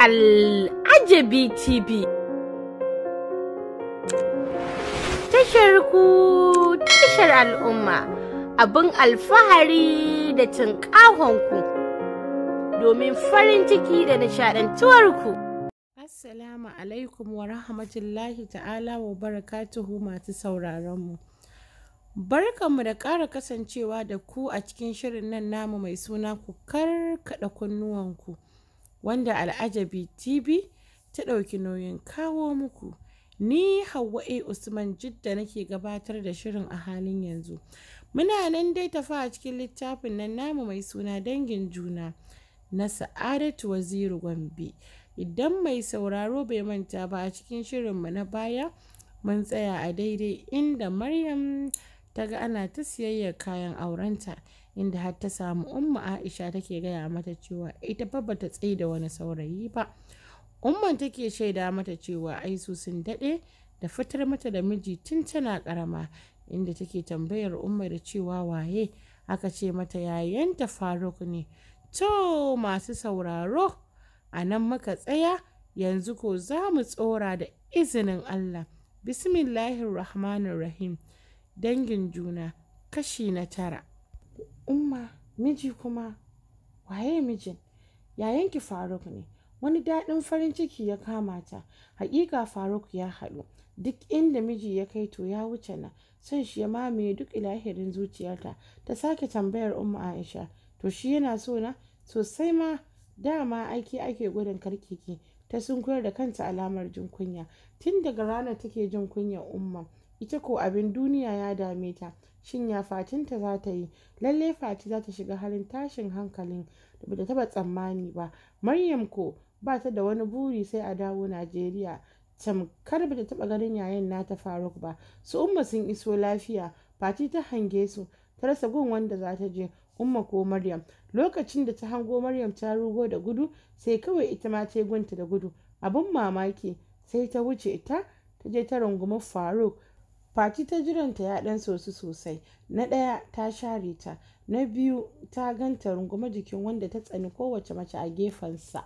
Al'ajabi TV. Tashar ku tashar al'umma abin alfahari da ku domin farin ciki da nishadantuwarku. Assalamu alaikum wa rahmatullahi ta'ala wa barakatuhu masu sauraronmu. Barkanmu da ƙara kasancewa da ku a cikin shirin nan namu mai suna ku karkaɗa kunnuwanku. wanda Al'ajabi TV ta ɗauki nauyin kawo muku. Ni Hauwa A. Usman Jidda nake gabatar da shirin a halin yanzu. Muna nan dai tafa a cikin littafin nan namu mai suna dangin juna na Sa'adatu Waziru Gombe. Idan mai sauraro bai manta ba a cikin shirinmu na baya mun tsaya a daidai inda Maryam ta ga ana ta siyayyar kayan aurenta. inda har ta samu umma aisha take gaya mata cewa ita fa bata tsaye da wani saurayi ba umman take shaida mata cewa ai su sun daɗe da fitar mata da miji tun tana ƙarama inda take tambayar umma da cewa waye aka ce mata yayanta faruk ne to masu sauraro a nan muka tsaya yanzu ko za mu tsora da izinin allah bismillahirrahmanirrahim dangin juna kashi na tara umma miji kuma waye mijin yayanki faruk ne wani daɗin farin ciki ya kama ta haƙiƙa faruk ya haɗu duk inda miji ya kai to ya wuce na son shi ya mamaye duk ilahirin zuciyarta ta sake tambayar umma aisha to shi yana so na sosai ma dama aiki ake gudun karkiki ta sunkuyar da kanta alamar jin kunya tun daga rana take jin kunya umma ita ko abin duniya ya dame ta shin ya fatinta za ta yi lalle fati za ta shiga halin tashin hankalin da bata taba tsammani ba maryam ko ba ta da wani buri sai a dawo najeriya tamkar ta taba ganin na ta faruk ba su umma sun iso lafiya fati ta hange su ta rasa gun wanda za ta je umma ko maryam lokacin da ta hango maryam ta rugo da gudu sai kawai ita ma ta gunta da gudu abin mamaki sai ta wuce ta ta je ta rungumi faruk Fati ta jiranta ya ɗan sosu sosai, na ɗaya ta share ta, na biyu ta ganta rungume jikin wanda ta tsani kowace mace a gefensa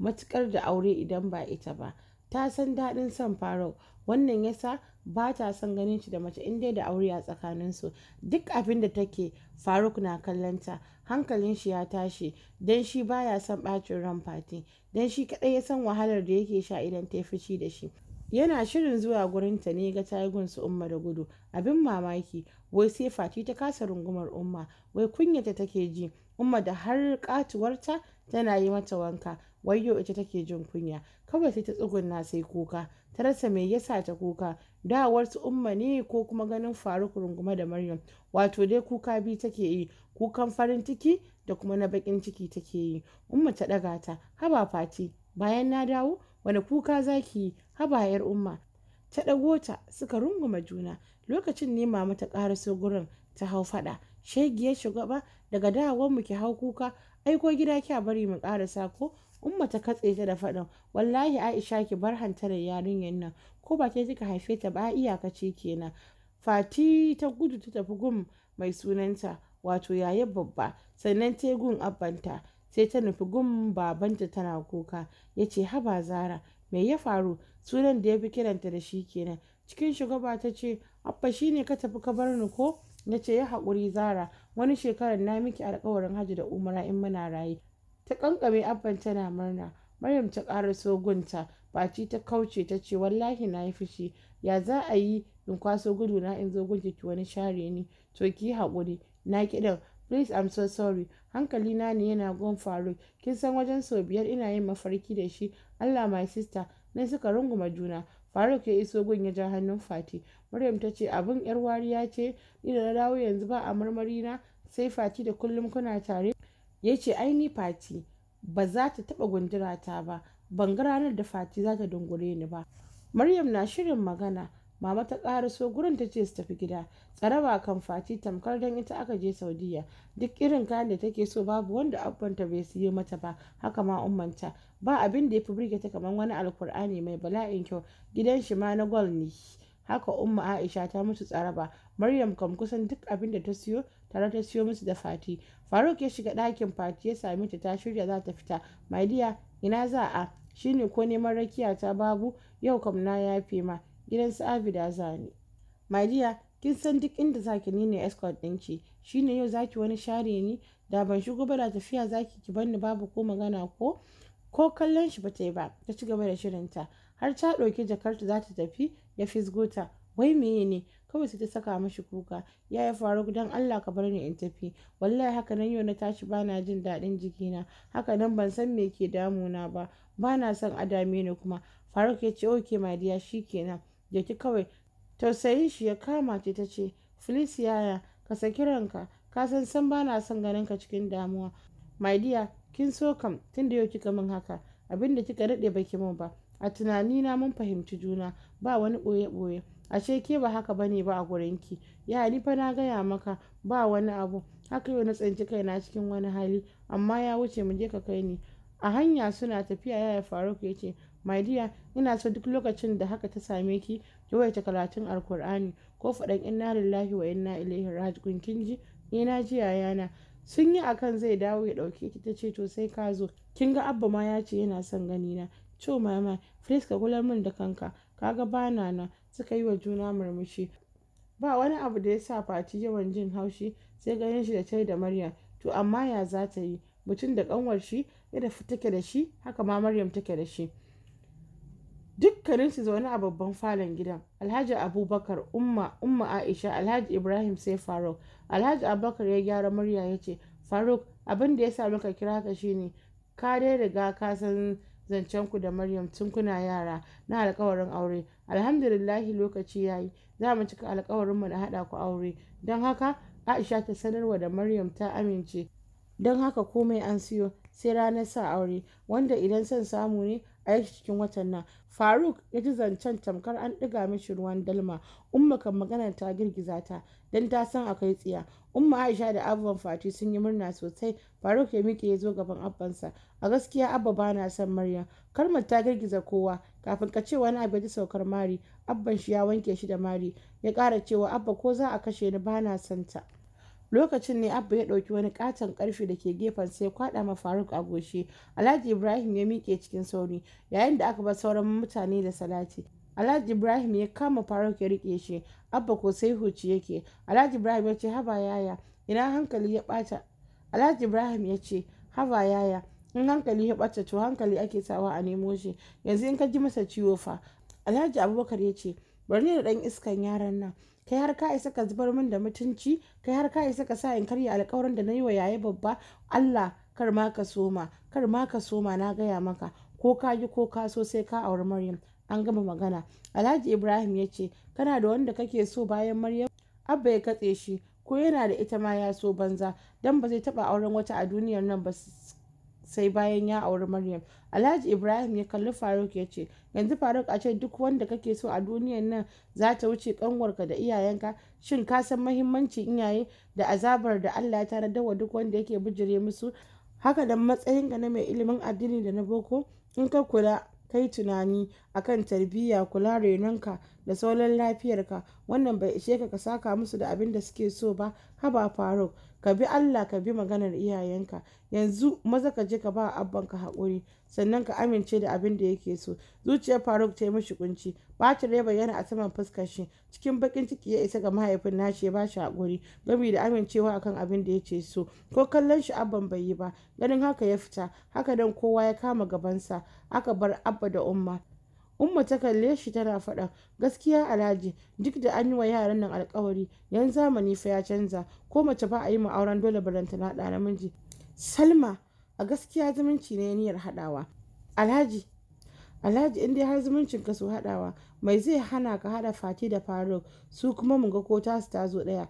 matuƙar da aure idan ba ita ba. Ta san daɗin son farau wannan yasa ba ta son ganin shi da mace in dai da aure a tsakaninsu. Duk abin da take Faruk na kallonta, hankalin shi ya tashi, don shi baya son ɓacin ran Fati, don shi kaɗai ya san wahalar da yake sha idan ta fici da shi. yana shirin zuwa gurinta ne ga tagun su umma da gudu abin mamaki wai sai fati ta kasa rungumar umma wai kunyata take ji umma da har katuwarta tana yi mata wanka yau ita take jin kunya kawai sai ta tsugunna sai kuka ta rasa me yasa ta kuka dawar su umma ne ko kuma ganin faruk Runguma, da maryam wato dai kuka bi take yi kukan farin ciki da kuma na bakin ciki take yi umma ta daga ta haba fati bayan na dawo wani kuka zaki haba yar umma ta ɗago ta suka runguma juna lokacin ne mama ta ƙaraso gurin ta hau faɗa shiga shugaba daga dawon mu ki hau kuka aiko gida kya bari mu ƙarasa ko umma ta katse ta da faɗan. wallahi aisha ki bar da yarinyar nan ko ba ke kika haife ta ba Iyakaci kenan fati ta gudu ta tafi gum mai sunanta wato yaye babba sannan tegun abbanta sai ta nufi gun babanta tana kuka ya ce haba zara mai ya faru sunan da ya fi kiranta da shi kenan cikin shugaba ta ce abba shi ne ka tafi ka bar ni ko na ce ya haƙuri zara wani shekarar na miki alƙawarin hajji da umara in muna raye ta ƙanƙame abban tana murna maryam ta ƙara sogunta baci ta kauce ta ce wallahi na yi fushi ya za a yi in kwaso gudu na in zo gunki wani share ni to ki haƙuri na kiɗan Please, I'm so sorry. Hankali na ne yana gon Faruk. Kin san wajen sau biyar ina yin mafarki da shi. Allah my sister. Ne suka runguma juna. Faruk ya iso gun ya ja hannun Fati. Maryam ta ce abin yar wariya ce. ni da na dawo yanzu ba a marmari na. Sai Fati da kullum kuna tare. Ya ce ai ni Fati. Ba za ta taɓa gundura ta ba. Ban ga ranar da Fati za ta dungure ni ba. Maryam na shirin magana. mama ta ƙara so gurin ta ce su tafi gida tsaraba kan faci tamkar don ita aka je saudiya duk irin kayan da take so babu wanda abbanta bai siyo mata ba haka ma ummanta ba abin da ya fi birge ta kamar wani alkur'ani mai bala'in kyau gidan shi ma na gwal ne haka umma aisha ta musu tsaraba maryam kam kusan duk abin da ta siyo tare ta siyo musu da fati faruk ya shiga ɗakin fati ya sami ta ta shirya za ta fita maidiya ina za a Shi ne ko neman rakiya ta babu yau kam na yafe ma gidan su abida zani my dear kin san duk inda zaki ni ne escort ɗinki shine yau zaki wani share ni da ban shigo ba da tafiya zaki ki banni babu ko magana ko ko kallon shi ba ta yi ba ta ci gaba da shirinta har ta ɗauki jakarta za ta tafi ya fisgota wai meye ne kawai sai ta saka mashi kuka ya yi faru don Allah ka bar ni in tafi wallahi haka nan yau na tashi bana jin daɗin jikina haka nan ban san me ke damuna ba bana son a dame kuma faruk ya ce oke dear shikenan jeki kawai tausayin shi ya kama ta ta ce filisi yaya ka saki ranka ka san san ba son ganin ka cikin damuwa my dear kin so kam tun da yau kika min haka abin da kika daɗe baki min ba a tunanina mun fahimci juna ba wani ɓoye-ɓoye ashe ke ba haka bane ba a gurinki ya ni fa na gaya maka ba wani abu haka yau na tsinci kaina cikin wani hali amma ya wuce mu je ka kai ni a hanya suna tafiya yaya faruk ya ce my dear ina so duk lokacin da haka ta same ki yawaita karatun alkur'ani ko faɗan inna lillahi wa inna ilaihi raji'un kin ji ni na ji yayana sun yi akan zai dawo ya ɗauke ki ta ce to sai ka zo kin ga abba ma ya ce yana son gani na to mama please ka kula min da kanka ka ga bana na suka yi wa juna murmushi ba wani abu da ya sa fati yawan jin haushi sai ganin shi da tai da maryam to amma ya za ta yi mutum da kanwar shi yadda take da shi haka ma maryam take da shi dukkaninsu zaune a babban falon gidan alhaji abubakar umma umma aisha alhaji ibrahim sai faruk alhaji abubakar ya gyara murya ya ce faruk abin da ya sa ka kira ka shine ka dai riga ka san zancen ku da maryam tun kuna yara na alkawarin aure alhamdulillahi lokaci yayi za mu cika alkawarin mu na haɗa ku aure don haka aisha ta sanarwa da maryam ta amince don haka komai an siyo sai ranar sa aure wanda idan son samu ne a yi cikin watan nan faruk ya ji zancen tamkar an ɗiga mishi ruwan dalma umma kan magana ta girgiza ta don ta san akwai tsiya umma aisha da abubuwan fati sun yi murna sosai faruk ya miƙe ya zo gaban abbansa a gaskiya abba ba na son maryam karmar ta girgiza kowa kafin ka ce wani abu ya saukar mari abban shi ya wanke shi da mari ya ƙara cewa abba ko za a kashe ni ba na son ta lokacin ne abba ya ɗauki wani katon karfe da ke gefen sai kwaɗa ma faruk a goshe alhaji ibrahim ya miƙe cikin sauri yayin da aka bar sauran mutane da salati alhaji ibrahim ya kama faruk ya rike shi abba ko sai huci yake alhaji ibrahim ya ce haba yaya ina hankali ya ɓata alhaji ibrahim ya ce haba yaya in hankali ya ɓata to hankali ake sawa a nemo shi yanzu in ka ji masa ciwo fa alhaji abubakar ya ce bari da ɗan iskan yaran nan kai har ka isa ka zubar min da mutunci kai har ka isa ka sa in karya alkawarin da na yi wa yaya babba allah kar ma ka soma kar ma ka soma na gaya maka ko ka yi ko ka so sai ka auri maryam an gama magana alhaji ibrahim ya ce kana da wanda kake so bayan maryam abba ya katse shi ko yana da ita ma ya so banza don ba zai taba auren wata a duniyar nan ba sai bayan ya auri Maryam. Alhaji Ibrahim ya kalli Faruk ya ce, yanzu Faruk a ce duk wanda kake so a duniyan nan za ta wuce kanwarka da iyayenka, shin ka san mahimmancin iyaye da azabar da Allah ya tarar wa duk wanda yake bijire musu? Haka da matsayinka na mai ilimin addini da na boko, in ka kula kai tunani akan tarbiyya kula renonka da sauran lafiyarka wannan bai ishe ka ka saka musu da abin da suke so ba haba faruk ka bi allah ka bi maganar iyayenka yanzu maza ka je ka ba ka haƙuri sannan ka amince da abin da yake so zuciyar faruk ta yi mishi kunci bacin ya bayyana a saman fuskar shi cikin bakin ciki ya isa ga mahaifin nashi ya shi haƙuri gami da amincewa akan abin da yake so ko kallon shi abban bai yi ba ganin haka ya fita haka don kowa ya kama gabansa aka bar abba da umma Umma ta kalle shi tana faɗa gaskiya Alhaji duk da an yi wa yaran nan alkawari yan zamani fa ya canza ko mace ba a yi auren dole balanta na ɗa namiji. Salma a gaskiya zumunci ne niyyar haɗawa. Alhaji Alhaji in dai har zumuncin ka so haɗawa mai zai hana ka haɗa fati da faruk su kuma mu ga ko tasu ta zo ɗaya.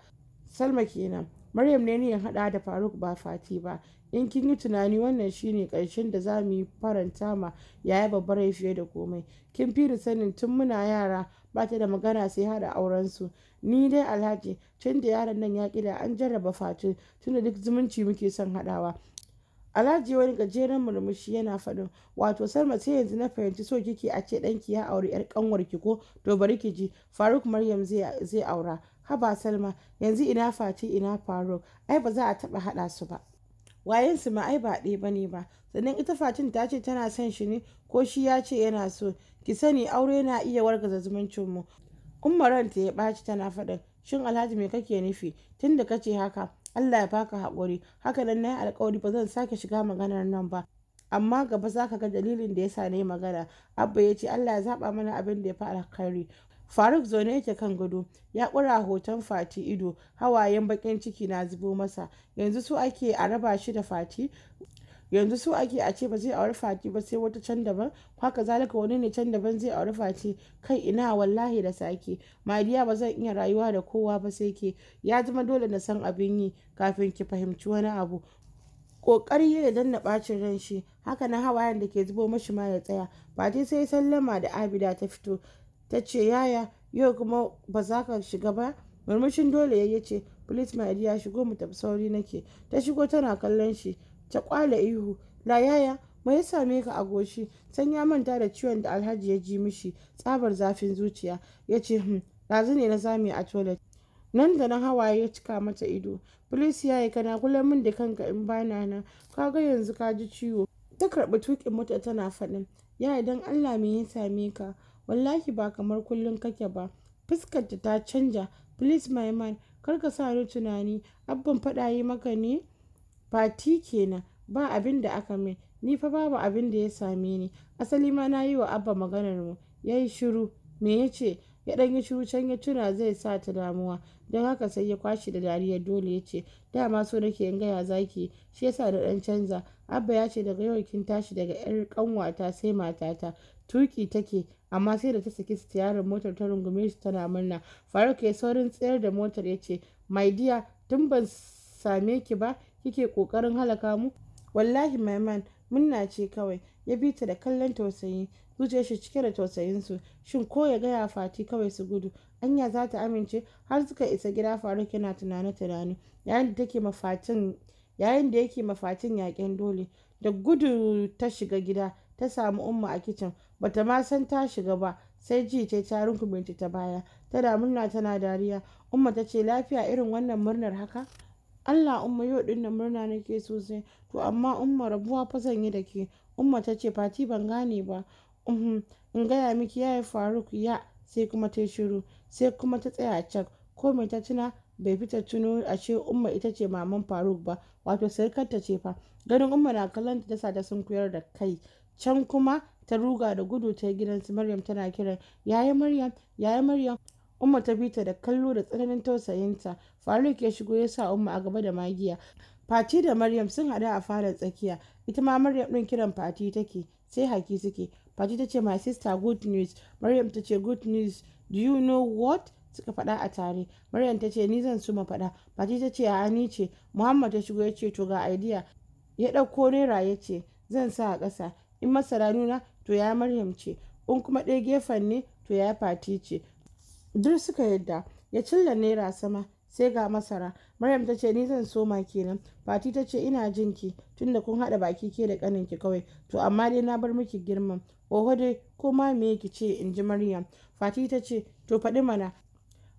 Salma kenan Maryam ne ya haɗa da Faruk ba Fati ba. In kin yi tunani wannan shine ƙarshen da za mu yi faranta ma yaya babbar ya fiye da komai. Kin fi sanin tun muna yara ba ta da magana sai haɗa aurensu. Ni dai Alhaji tun da yaron nan ya ƙida an jarraba Fatu tunda duk zumunci muke son haɗawa. Alhaji wani gajeren murmushi yana faɗin wato Salma sai yanzu na fahimci so kike a ce ɗanki ya auri 'yar ƙanwarki ko to bari ki ji Faruk Maryam zai aura haba salma yanzu ina fati ina faruk ai ba za a taba hada su ba wayensu ma ai ba ɗaya bane ba sannan ita fatin ta ce tana son shi ne ko shi ya ce yana so ki sani aure na iya wargaza zumuncin mu ummaran ta ya ɓaci tana faɗin shin alhaji me kake nufi tun da kace haka allah ya baka haƙuri haka nan na yi alkawari ba zan sake shiga maganar nan ba amma gaba za ka ga dalilin da ya sa na yi magana abba ya ce allah ya zaɓa mana abin da ya fi alkhairi faruk zaune yake kan gado ya ƙura hoton fati ido hawayen baƙin ciki na zubo masa yanzu su ake a raba shi da fati yanzu su ake a ce ba zai auri fati ba sai wata can daban haka zalika wani ne can daban zai auri fati kai ina wallahi da sake mariya ba zan iya rayuwa da kowa ba sai ke ya zama dole na san abin yi kafin ki fahimci wani abu kokari ya danna bacin ran shi haka na hawayen da ke zubo mashi ma ya tsaya fati sai sallama da abida ta fito ta ce yaya yau kuma ba za ka shiga ba murmushin dole ya ce please my dear shigo mu tafi sauri nake ta shigo tana kallon shi ta kwala ihu la yaya ma ya same ka a goshi san ya manta da ciwon da alhaji ya ji mishi tsabar zafin zuciya ya ce hmm ɗazu ne na zame a toilet nan da nan hawaye ya cika mata ido police ya yi kana kula min da kanka in bana na ka ga yanzu ka ji ciwo ta karɓi tukin mota tana faɗin "Yaya idan allah me ya same ka wallahi ba kamar kullum kake ba fuskarta ta canja please my man kar ka sa ni tunani abban faɗa yi maka ne fati kenan ba abin da aka min ni fa babu abin da ya same ni asali ma na yi wa abba maganar mu ya yi shiru me ya ce ya ɗan yi shiru can ya tuna zai sa ta damuwa don haka sai ya kwashi da dariyar dole ya ce dama so nake in gaya zaki shi yasa da ɗan canza abba ya ce daga yau kin tashi daga yar ƙanwata sai matata tuki take amma sai da ta saki siyarin motar ta rungume shi tana murna faruk ya saurin tsayar da motar ya ce my dear tun ban same ki ba kike kokarin halaka mu wallahi my man munna ce kawai ya bi ta da kallon tausayi zuciyar shi cike da tausayin su shin ko ya gaya fati kawai su gudu anya za ta amince har suka isa gida faruk yana tunane tunani yayin da take mafatin yayin da yake mafatin yaƙen dole da gudu ta shiga gida ta samu umma a kicin bata ma san ta shiga ba sai ji ta ta rungumenta ta baya tana murna tana dariya umma ta ce lafiya irin wannan murnar haka Allah umma yau din nan murna nake sosai to amma umma rabuwa fa yi da ke umma ta ce fati ban gane ba in gaya miki yaya faruk ya sai kuma ta shiru sai kuma ta tsaya a can ko mai ta tuna bai fita tuno a ce umma ita ce maman faruk ba wato sarkarta ce fa ganin umma na kallon ta sa ta sun koyar da kai can kuma ta ruga da gudu ta gidan maryam tana kiran yaya maryam yaya maryam umma ta fita da kallo da tsananin tausayinta faruk ya shigo ya sa umma a gaba da magiya fati da maryam sun haɗu a falon tsakiya ita ma maryam ɗin kiran fati take sai haki suke fati ta ce my sister good news maryam ta ce good news do you know what suka faɗa a tare maryam ta ce ni zan suma faɗa fati ta ce a ni ce muhammad ta shigo ya ce to ga idea ya ɗauko naira ya ce zan sa a ƙasa in masara nuna to ya maryam ce in kuma ɗaya gefen ne to ya fati ce duk suka yadda ya cilla naira sama sai ga masara maryam ta ce ni zan soma kenan fati ta ce ina jin ki tunda kun haɗa baki ke da ƙanin ki kawai to amma dai na bar miki girma. oho dai ko ma me ki ce in ji maryam fati ta ce to faɗi mana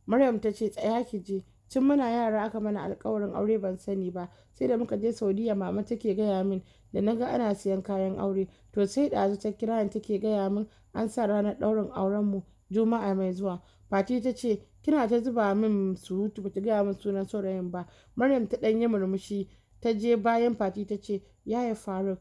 maryam ta ce tsaya ki je tun muna yara aka mana alkawarin aure ban sani ba sai da muka je saudiya mama take gaya min da naga ana siyan kayan aure to sai ɗazu ta kira ni take gaya min an sa ranar ɗaurin aurenmu juma'a mai zuwa fati ta ce kina ta zuba min surutu ta gaya min sunan saurayin ba maryam ta ɗan yi murmushi ta je bayan fati ta ce yaya faruk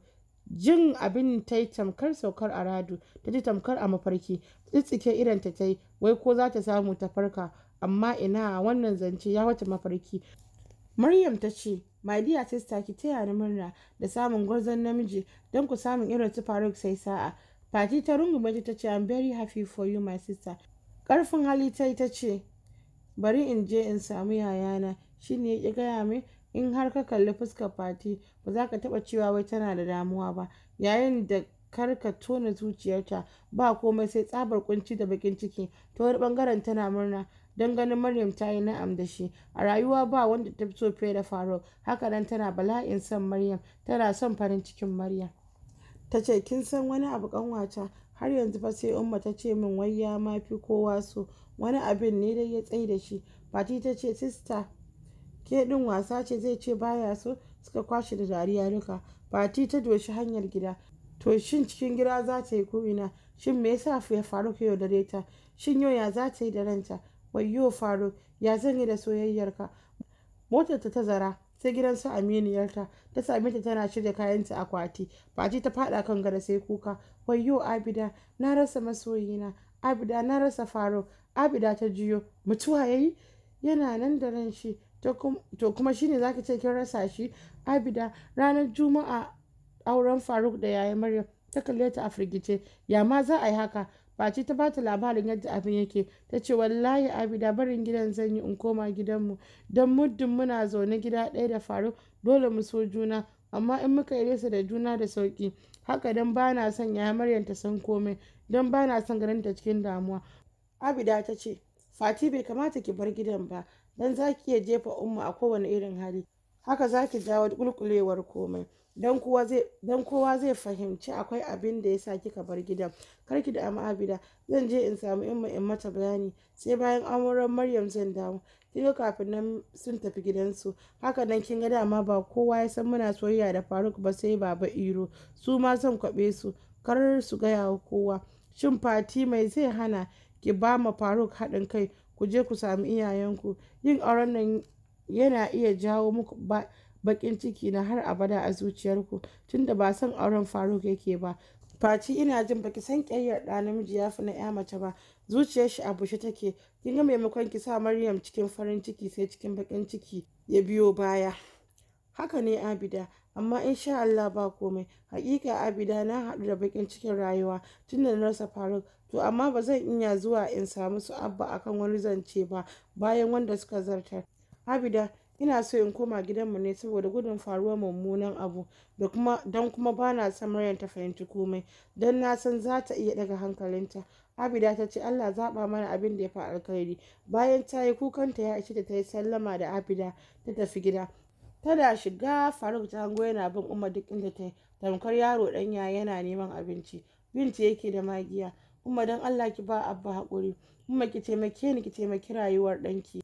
jin abin ta yi tamkar saukar a radu ta ji tamkar a mafarki tsitsike irin ta ta yi wai ko za ta samu ta farka amma ina wannan zance ya wata mafarki maryam ta ce my dear sister ki taya ni murna da samun gwarzon namiji don ku samun irin su faruk sai sa'a fati ta rungume ta ce i'm very happy for you my sister karfin hali ta ta ce bari in je in samu yayana shine ya gaya min in har ka kalli fuskar fati ba za ka taba cewa wai tana da damuwa ba yayin da kar ka tona zuciyarta ba komai sai tsabar kunci da bakin ciki ta wani bangaren tana murna don ganin Maryam ta yi na'am da shi a rayuwa ba wanda ta so fiye da Faruk haka nan tana bala'in son Maryam tana son farin cikin Maryam ta ce kin san wani abu kanwata har yanzu fa sai umma ta ce min wai ya mafi kowa so wani abin ne dai ya tsai da shi fati ta ce sista ke din wasa ce zai ce baya so suka kwashe da dariya duka fati ta doshi hanyar gida to shin cikin gida za ta yi ko'ina shin me yasa ya faru ke dare ta shin yau ya za ta yi da ranta wayyo faruk ya zan yi da soyayyarka motarta ta zara sai gidan su aminiyarta ta same ta tana shirya kayanta akwati baji ta fada kan gada sai kuka wayyo abida na rasa masoyina abida na rasa faruk abida ta jiyo mutuwa yayi yana nan da ran shi to kuma shine zaki ce kin rasa shi abida ranar juma'a auren faruk da yayi maryam ta kalle ta a firgice ya ma za a yi haka Fati ta bata labarin yadda abin yake, ta ce wallahi abi, da barin gidan zan yi in koma gidanmu, don muddin muna zaune gida ɗaya da faru dole mu so juna, amma in muka yi resa da juna da sauki haka don ba na son ya maryan ta san komai, don ba na son ganin ta cikin damuwa. Abida ta ce, Fati bai kamata ki bar gidan ba, don za ki iya jefa umma a kowane irin hali, haka za ki jawo ƙulƙulewar komai. don kowa zai fahimci akwai abin da ya sa kika bar gidan karki da amma abida zan je in samu ma in mata bayani sai bayan amuran maryam zan dawo ga kafin nan sun tafi gidansu haka nan kin ga dama ba kowa ya san muna soyayya da faruk ba sai baba iro su ma zan kwaɓe su kar su gaya wa kowa shin fati mai zai hana ki ba ma faruk haɗin kai ku je ku samu iyayenku yin auren nan yana iya jawo muku ba baƙin ciki na har abada a zuciyarku tunda ba son auren faruk yake ba faci ina jin baki san ƙyayyar ɗa namiji ya fi na ya mace ba zuciyar shi a bushe take kin ga maimakon ki sa maryam cikin farin ciki sai cikin bakin ciki ya biyo baya haka ne abida amma in sha Allah ba komai hakika abida na haɗu da bakin cikin rayuwa tunda na rasa faruk to amma ba zan iya zuwa in samu su abba akan wani zance ba bayan wanda suka zartar abida ina so in koma gidanmu ne saboda gudun faruwar mummunan abu da kuma don kuma ba na son maryan ta fahimci komai don na san za ta iya daga hankalinta Abida ta ce Allah zaɓa mana abin da ya fi alkhairi bayan ta yi kukanta ya ishe ta yi sallama da Abida ta tafi gida tada shiga Faruk ta hango yana bin Umar duk inda ta yi tamkar yaro ɗanya yana neman abinci binci yake da magiya Umma don Allah ki ba Abba haƙuri kuma ki taimake ni ki taimaki rayuwar ɗanki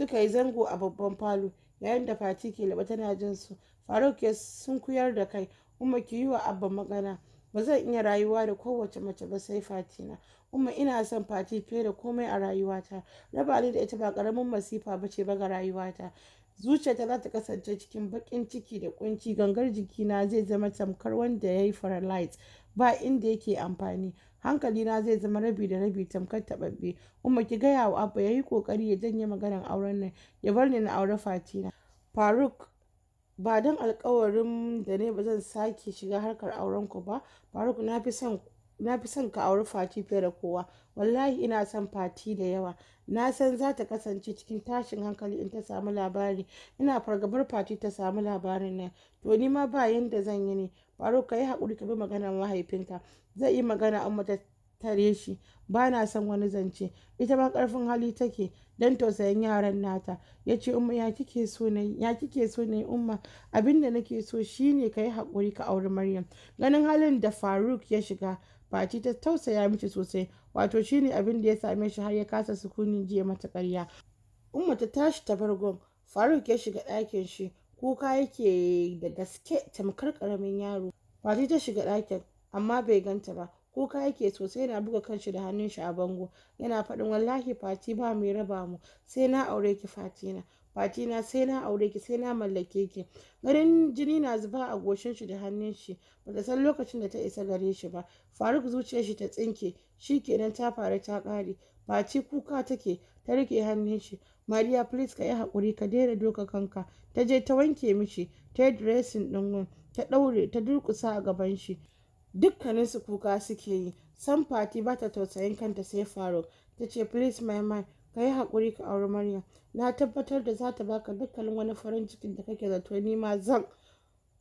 suka yi zango a babban falo yayin da fati ke laba tana jin su faruk ya sunkuyar da kai umma ki yi wa abba magana ba zan iya rayuwa da kowace mace ba sai fati na umma ina son fati fiye da komai a rayuwata raba ni da ita ba karamin masifa ba ce ba ga rayuwata zuciyata za ta kasance cikin bakin ciki da kunci gangar jikina zai zama tamkar wanda ya yi paralyzed ba inda yake amfani hankali na zai zama rabi da rabi tamkar taɓaɓɓe kuma ki gaya wa abba ya yi ƙoƙari ya janye maganar auren nan ya bar ni na aure fatina faruk ba don alkawarin da ne ba zan sake shiga harkar auren ku ba faruk na fi son ka auri fati fiye da kowa wallahi ina son fati da yawa na san za ta kasance cikin tashin hankali in ta samu labari ina fargabar fati ta samu labarin nan to ni ma ba yadda zan yi ne faruk ka yi haƙuri ka bi maganar mahaifinka zai yi magana an ta tare shi ba na son wani zance ita ma karfin hali take don tausayin yaran nata ya ce umma ya kike so ne ya kike so ne umma abinda nake so shine ka yi haƙuri ka auri maryam ganin halin da faruk ya shiga Fati ta tausaya miki sosai wato shine abin da ya same shi har ya kasa sukunin jiya mata karya. umma ta tashi ta bargon faruk ya shiga ɗakin shi kuka yake da gaske tamkar karamin yaro fati ta shiga ɗakin amma bai ganta ba kuka yake sosai na buga kanshi da hannun shi a bango yana faɗin wallahi fati ba mai raba mu sai na aure ki fatina fatina sai na aure ki sai na mallake ki garin jini na zuba a goshin shi da hannun shi bata san lokacin da ta isa gare shi ba faruk zuciyar shi ta tsinke shi kenan ta faru ta ƙare fati kuka take ta rike hannun shi Maria please ka yi haƙuri ka daina doka kanka. Ta je ta wanke mishi, ta yi dressing ɗin wun, ta ɗaure, ta durƙusa a gaban shi. Dukkaninsu kuka suke yi. san Fati ba ta tausayin kanta sai Faruk. Ta ce please my man ka yi haƙuri ka auri Maryam. Na tabbatar da za ta baka dukkanin wani farin cikin da kake zato ni ma zan.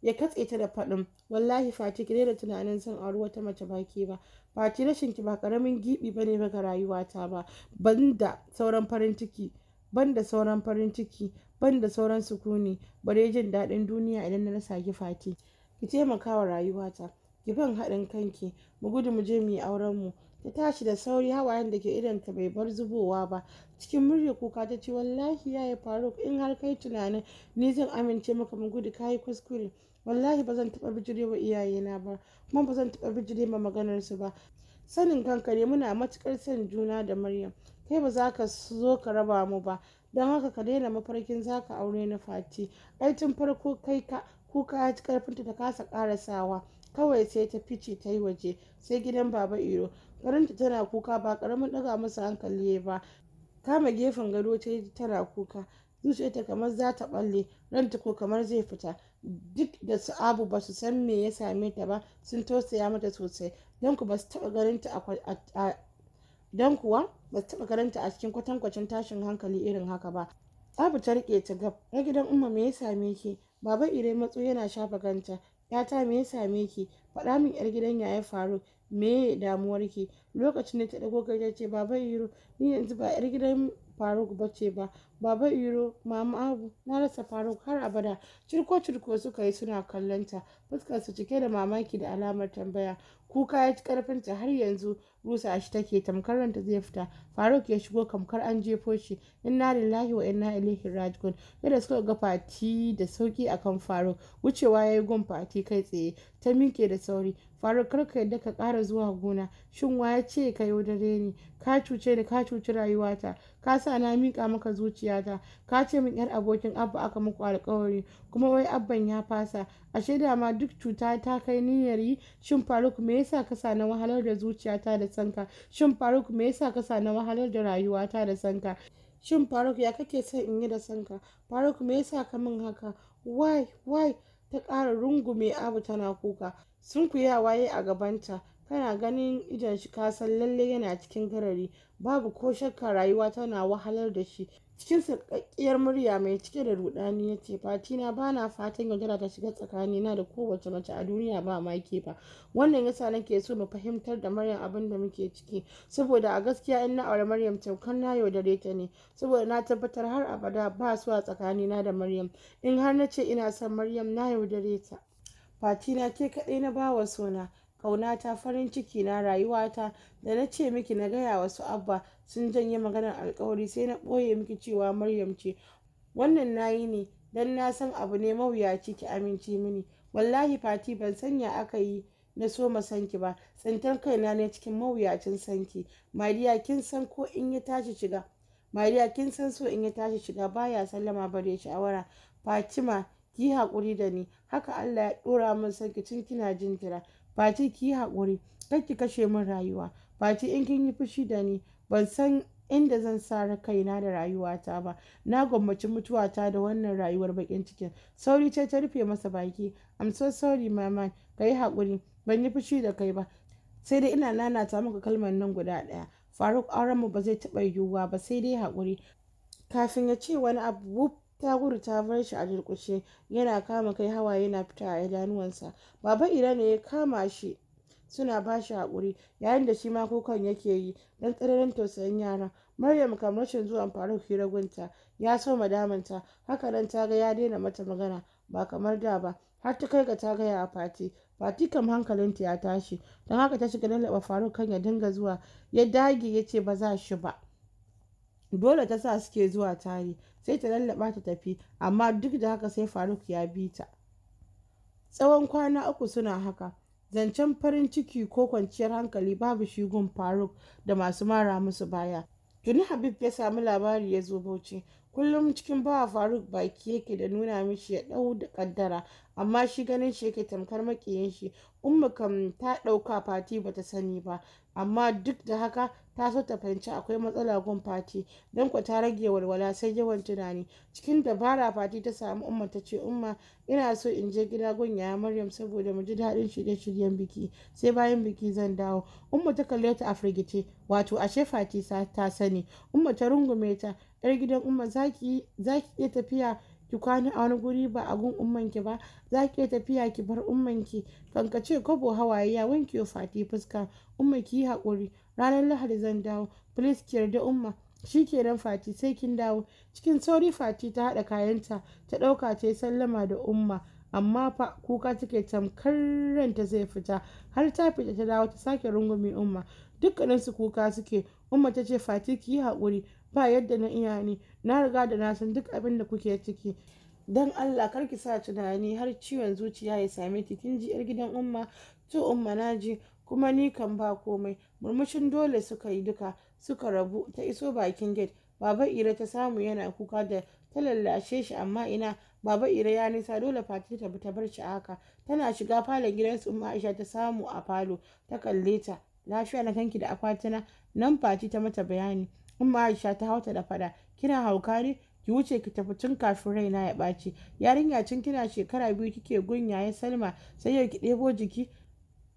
ya katse ta da faɗin wallahi fati ki da tunanin zan auri wata mace baki ba fati rashin ki ba karamin gibi bane ba ga rayuwata ba banda sauran farin ciki ban da sauran farin ciki ban da sauran sukuni bare jin daɗin duniya idan na rasa ki fati ki taimaka wa rayuwata ki ban haɗin kanki mu gudu mu je mu yi auren mu ta tashi da sauri hawayen da ke idan ta bai bar zubowa ba cikin murya kuka ta ce wallahi ya yi faruk in har kai tunanin ni zan amince maka mu gudu kayi kuskure wallahi ba zan taɓa bijire wa iyayena ba kuma ba zan taɓa bijire ma maganarsu ba sanin kanka ne muna matuƙar son juna da maryam kai ba za ka zo ka raba mu ba don haka ka daina mafarkin za ka aure na fati ai tun farko kai ka kuka ya ci karfinta ta kasa karasawa kawai sai ta fice ta yi waje sai gidan baba iro garinta tana kuka ba karamin daga masa hankali ba kama gefen gado ta yi tana kuka zuciyarta kamar za ta balle ranta ko kamar zai fita duk da su abu ba su san me ya same ta ba sun tausaya mata sosai don ku ba su taba ganinta a don kuwa ba taɓa karanta a cikin kwatankwacin tashin hankali irin haka ba abu ta riƙe ta gab na gidan umma me ya same ki baba ire matso yana shafa kanta yata me ya same ki faɗa min yar gidan 'ya yaya faru me damuwar ki lokacin da ta ɗago kai ce baba iro ni yanzu ba yar gidan faru ba ce ba Baba Iro, Mama Abu, na rasa Faruk har abada. Cirko-cirko suka yi suna kallonta, su cike da mamaki da alamar tambaya. Kuka ya ci karfinta har yanzu rusa shi take tamkar ranta zai fita. Faruk ya shigo kamkar an jefo shi. Inna lillahi wa inna ilaihi raji'un. Yadda suka ga fati da sauki akan Faruk, wucewa ya yi gun fati kai tsaye. Ta miƙe da sauri. Faruk kar ka yadda ka ƙara zuwa gona. Shin wa ya ce ka dare ni? Ka cuce ni, ka cuci rayuwata. Ka sa na miƙa maka zuciya. hajiyata ka ce min yar abokin abba aka muku alkawari kuma wai abban ya fasa ashe da ma duk cuta ta kai niyyar yi shin faruk me yasa ka sa na wahalar da zuciyata da sanka shin faruk me yasa ka sa na wahalar da rayuwata da sanka shin faruk ya kake son in yi da sanka faruk me yasa ka min haka wai wai ta ƙara rungume abu tana kuka sun ku ya a gabanta kana ganin idan shi kasan lalle yana cikin garari babu ko shakka rayuwa tana wahalar da shi cikin sarƙaƙƙiyar murya mai cike da rudani ya ce fatina ba na fatan yaudara ta shiga tsakani na da kowace mace a duniya ba ma ke ba wannan yasa nake so mu fahimtar da maryam abin da muke ciki saboda a gaskiya in na aure maryam tamkar na yaudare ta ne saboda na tabbatar har abada ba su a na da maryam in har na ce ina son maryam na yaudare ta fatina ke kaɗai na bawa sona ƙaunata farin ciki na rayuwata da na ce miki na gaya wasu abba sun janye maganar alkawari sai na ɓoye miki cewa maryam ce wannan nayi ne dan na san abu ne mawuyaci ki amince mini wallahi fati ban sanya aka yi na so ma sanki ba tsintar kaina ne cikin mawuyacin sanki mariya kin san ko in ya tashi shiga mariya kin san so in ya tashi shiga baya sallama bare shawara fatima ki hakuri da ni haka allah ya dora min sanki tun kina jin jira. fati ki hakuri kar ki kashe min rayuwa fati in kin yi fushi da ni ban san inda zan sare kaina da rayuwata ba na gwammaci mutuwata da wannan rayuwar bakin cikin sauri ce ta rufe masa baki i'm so sorry mama ka yi haƙuri ban yi fushi da kai ba sai dai ina nanata maka kalmar nan guda ɗaya faruk mu ba zai taɓa yiwuwa ba sai dai haƙuri kafin ya ce wani abu ta gudu ta bar shi a durƙushe yana kama kai hawaye yana fita a idanuwansa baba idan ne ya kama shi suna ba shi haƙuri yayin da shi ma kukan yake yi don tsananin tausayin yara maryam kam rashin zuwan faruk hiragunta ya so madamanta haka nan ta ga ya daina mata magana ba kamar da ba har ta kai ga ta gaya a fati fati kam hankalinta ya tashi don haka ta shiga lallaɓa faruk kan ya dinga zuwa ya dage ya ce ba za shi ba dole ta sa suke zuwa tare sai ta lallaɓa ta tafi amma duk da haka sai faruk ya bi ta tsawon kwana uku suna haka zancen farin ciki ko kwanciyar hankali babu shi gun faruk da masu mara musu baya tuni habib ya sami labari ya zo bauchi kullum cikin bawa faruk baki yake da nuna mishi ya ɗau da ƙaddara amma shi ganin shi yake tamkar makiyin shi umma kam ta ɗauka fati bata sani ba amma duk da haka ta so ta fahimci akwai matsala gun fati Dan kwa ta rage walwala sai yawan tunani cikin dabara fati ta samu umma ta ce umma ina so in je gida gun yaya maryam saboda mu ji daɗin shirye-shiryen biki sai bayan biki zan dawo umma ta kalle ta a firgice wato ashe fati ta sani umma ta rungume ta 'yar gidan umma zaki ki iya tafiya ki kwana a wani guri ba a gun umman ki ba za ki iya tafiya ki bar umman ki kankace kobo hawaye ya wanke yo fati fuska umma ki yi haƙuri ranar lahadi zan dawo please ki yarda umma shi ke kenan fati sai kin dawo cikin sauri fati ta haɗa kayanta ta ɗauka ta yi sallama da umma amma fa kuka take tamkar ranta zai fita har ta fita ta dawo ta sake rungume umma dukkaninsu kuka suke umma ta ce fati ki yi haƙuri ba yadda na iya ni na riga da na san duk abin da kuke ciki dan Allah kar ki sa tunani har ciwon zuciya ya same ki kin ji yar gidan umma to umma naji kuma ni kan ba komai murmushin dole suka yi duka suka rabu ta iso bakin gate baba ira ta samu yana kuka da ta lallashe shi amma ina baba ira ya nisa dole fati ta ta bar shi haka tana shiga falon gidan su umma aisha ta samu a falo ta kalle ta lafiya na kanki da akwatina nan fati ta mata bayani umma aisha ta hauta da fada kina hauka ne ki wuce ki tafi tun kafin raina ya ɓaci yarinya tun kina shekara biyu kike gunya ya salma sai yau ki ɗebo jiki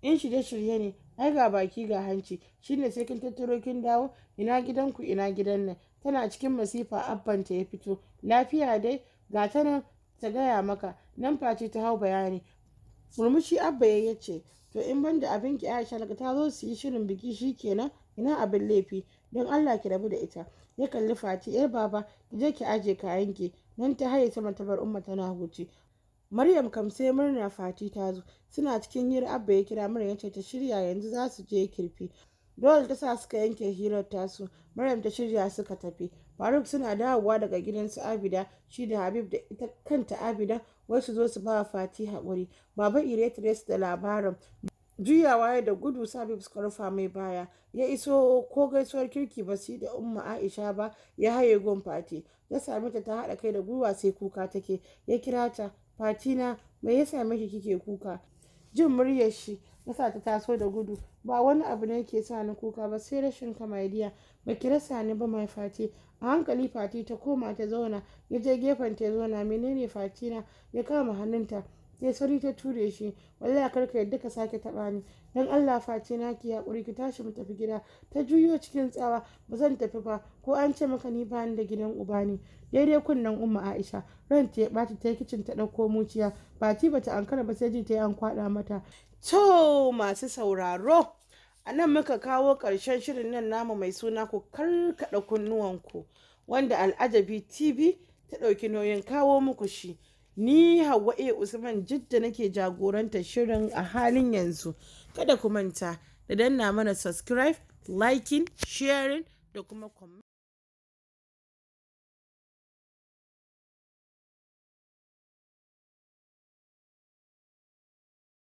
in shirye shirye ne ai ga baki ga hanci shine sai kin tattaro kin dawo ina gidanku ina gidan nan tana cikin masifa abbanta ya fito lafiya dai ga ta ta gaya maka nan face ta hau bayani murmushi abba ya ce to in ban da abin ki Aisha daga ta zo su yi shirin biki kenan, ina abin laifi don Allah ki rabu da ita ya kalli Fati 'Yar eh, baba ki je ki aje kayan ki nan ta haye sama ta bar umma tana huce Maryam kam sai murna Fati ta zo suna cikin hira abba ya kira Maryam ce ta shirya yanzu za su je kirfi dole ta sa suka yanke hirar tasu Maryam ta shirya suka tafi Faruk suna dawowa daga gidan su Abida shi da Habib da ita kanta Abida wasu zo su ba fati haƙuri baba ire su da labarin juyawa ya da gudu sabi rufa mai baya ya iso ko gaisuwar kirki ba su da umma aisha ba ya haye gon fati ya sami ta ta haɗa kai da gwiwa sai kuka take ya kira ta na, mai ya sami kike kuka jin muryar shi sa ta taso da gudu ba wani abu ne ke sa ni kuka ba sai rashin kamaidiya ba ki rasa ni ba mai fati a hankali fati ta koma ta zauna ya je gefen ta zauna menene fati na ya kama hannunta ya sauri ta ture shi wallahi ka yadda ka sake taba ni dan Allah face na ki hakuri ki tashi mu tafi gida ta juyo cikin tsawa ba zan tafi ba ko an ce maka ni ba da gidan uba ne daidai kunnen umma Aisha ran ta bata ta kicin ta dauko muciya Ba bati bata ankara ba sai ji ta an kwada mata to masu sauraro a nan muka kawo ƙarshen shirin nan namu mai suna ku karkaɗa kunnuwanku wanda al'ajabi tv ta ɗauki nauyin kawo muku shi Ni Hauwa e Usman jidda nake jagorantar shirin a halin yanzu. Kada ku manta da danna mana subscribe, liking, sharing da kuma comment.